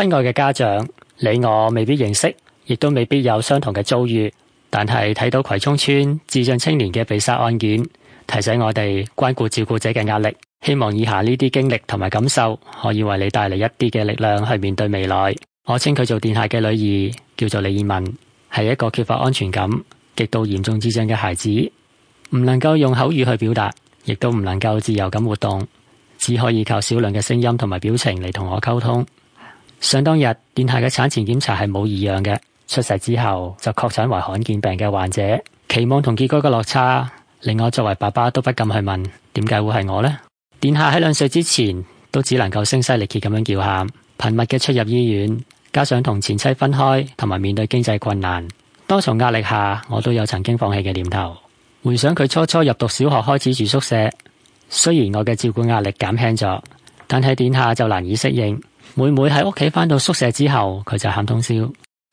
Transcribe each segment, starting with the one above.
親愛嘅家長，你我未必認識，亦都未必有相同嘅遭遇，但係睇到葵涌村智障青年嘅被殺案件，提醒我哋關顧照顧者嘅壓力。希望以下呢啲經歷同埋感受可以為你帶嚟一啲嘅力量，去面對未來。我稱佢做殿下嘅女兒，叫做李艷文，係一個缺乏安全感、極度嚴重智障嘅孩子，唔能夠用口語去表達，亦都唔能夠自由咁活動，只可以靠少量嘅聲音同埋表情嚟同我溝通。想當日殿下嘅產前檢查係冇異樣嘅，出世之後就確診為罕見病嘅患者，期望同結果嘅落差，令我作為爸爸都不敢去問「點解會係我呢？」殿下喺兩歲之前都只能夠聲嘶力竭咁樣叫喊，頻密嘅出入醫院，加上同前妻分開，同埋面對經濟困難，多重壓力下，我都有曾經放棄嘅念頭。回想佢初初入讀小學開始住宿舍，雖然我嘅照顧壓力減輕咗，但係殿下就難以適應。每每喺屋企返到宿舍之後，佢就喊通宵。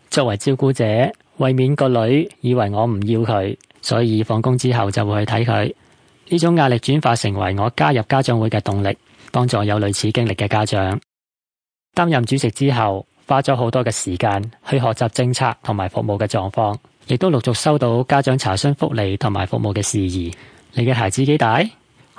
作為照顧者，為免個女以為我唔要佢，所以放工之後就會去睇佢。呢種壓力轉化成為我加入家長會嘅動力，幫助有類似經歷嘅家長。擔任主席之後，花咗好多嘅時間去學習政策同埋服務嘅狀況，亦都陸續收到家長查詢福利同埋服務嘅事宜。你嘅孩子幾大？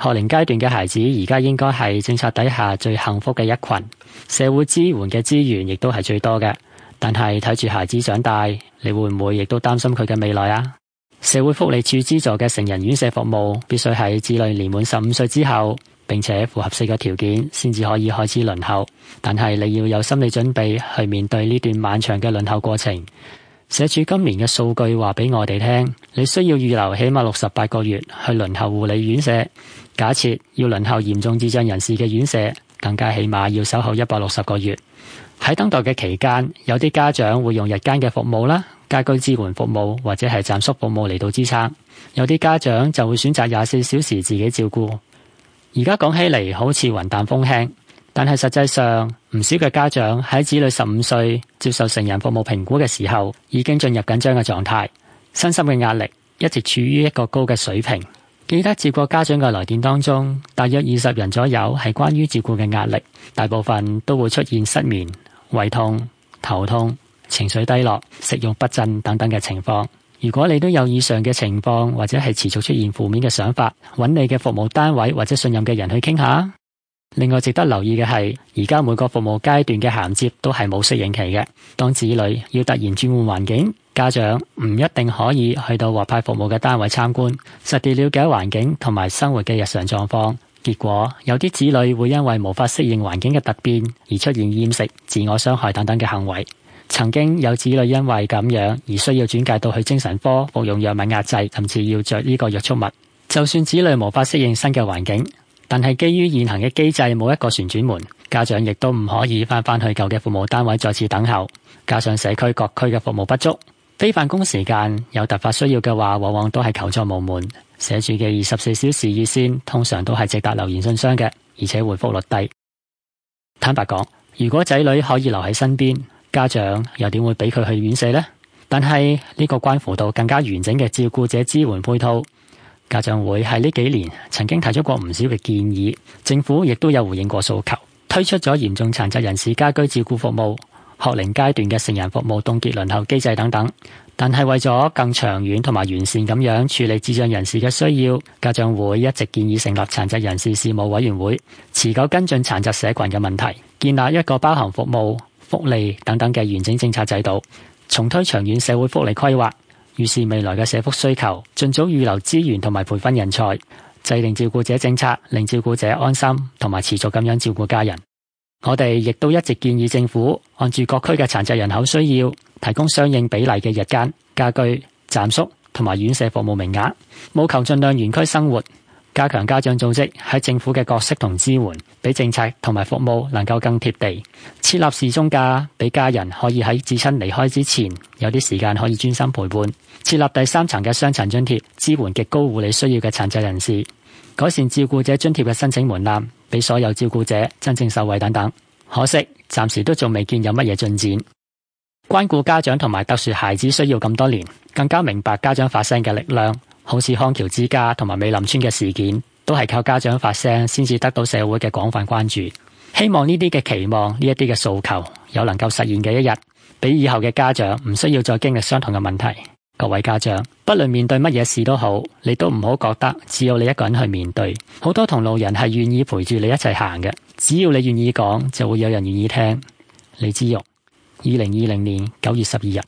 學齡階段嘅孩子而家應該係政策底下最幸福嘅一群，社會支援嘅資源亦都係最多嘅。但係睇住孩子長大，你會唔會亦都擔心佢嘅未來啊？社會福利處資助嘅成人院舍服務，必須喺子女年滿十五歲之後，並且符合四個條件，先至可以開始輪候。但係你要有心理準備去面對呢段漫長嘅輪候過程。社署今年嘅數據話俾我哋聽，你需要預留起碼六十八個月去輪候護理院舍。假設要輪候嚴重智障人士嘅院舍，更加起碼要守候一百六十個月。喺等待嘅期間，有啲家長會用日間嘅服務啦、家居支援服務或者係暫宿服務嚟到支撐。有啲家長就會選擇廿四小時自己照顧。而家講起嚟好似雲淡風輕。但係實際上，唔少嘅家長喺子女十五歲接受成人服務評估嘅時候，已經進入緊張嘅狀態，身心嘅壓力一直處於一個高嘅水平。記得接過家長嘅來電當中，大約二十人左右係關於照顧嘅壓力，大部分都會出現失眠、胃痛、頭痛、情緒低落、食慾不振等等嘅情況。如果你都有以上嘅情況，或者係持續出現負面嘅想法，揾你嘅服務單位或者信任嘅人去傾下。另外，值得留意嘅係，而家每個服務階段嘅銜接都係冇適應期嘅。當子女要突然轉換環境，家長唔一定可以去到獲派服務嘅單位參觀，實地了解環境同埋生活嘅日常狀況。結果有啲子女會因為無法適應環境嘅突變，而出現厭食、自我傷害等等嘅行為。曾經有子女因為咁樣而需要轉介到去精神科服用藥物壓制，甚至要着呢個約束物。就算子女無法適應新嘅環境。但係基於現行嘅機制，冇一個旋轉門，家長亦都唔可以翻翻去舊嘅服務單位再次等候。加上社區各區嘅服務不足，非辦公時間有突發需要嘅話，往往都係求助無門。社署嘅二十四小時熱線通常都係直達留言信箱嘅，而且回覆率低。坦白講，如果仔女可以留喺身邊，家長又點會俾佢去院舍呢？但係呢個關乎到更加完整嘅照顧者支援配套。家長會喺呢幾年曾經提出過唔少嘅建議，政府亦都有回應過訴求，推出咗嚴重殘疾人士家居照顧服務、學齡階段嘅成人服務凍結輪候機制等等。但係為咗更長遠同埋完善咁樣處理智障人士嘅需要，家長會一直建議成立殘疾人士事務委員會，持久跟進殘疾社群嘅問題，建立一個包含服務、福利等等嘅完整政策制度，重推長遠社會福利規劃。預視未來嘅社福需求，盡早預留資源同埋培訓人才，制定照顧者政策，令照顧者安心同埋持續咁樣照顧家人。我哋亦都一直建議政府按住各區嘅殘疾人口需要，提供相應比例嘅日間家居暫宿同埋院舍服務名額，務求盡量原區生活。加強家長組織喺政府嘅角色同支援，俾政策同埋服務能夠更貼地。設立侍終假，俾家人可以喺至親離開之前有啲時間可以專心陪伴。設立第三層嘅傷殘津貼，支援極高護理需要嘅殘疾人士。改善照顧者津貼嘅申請門檻，俾所有照顧者真正受惠等等。可惜暫時都仲未見有乜嘢進展。關顧家長同埋特殊孩子需要咁多年，更加明白家長發聲嘅力量。好似康橋之家同埋美林村嘅事件，都係靠家長發聲，先至得到社會嘅廣泛關注。希望呢啲嘅期望，呢一啲嘅訴求，有能夠實現嘅一日，俾以後嘅家長唔需要再經歷相同嘅問題。各位家長，不論面對乜嘢事都好，你都唔好覺得只有你一個人去面對。好多同路人係願意陪住你一齊行嘅，只要你願意講，就會有人願意聽。李芝融，二零二零年九月十二日。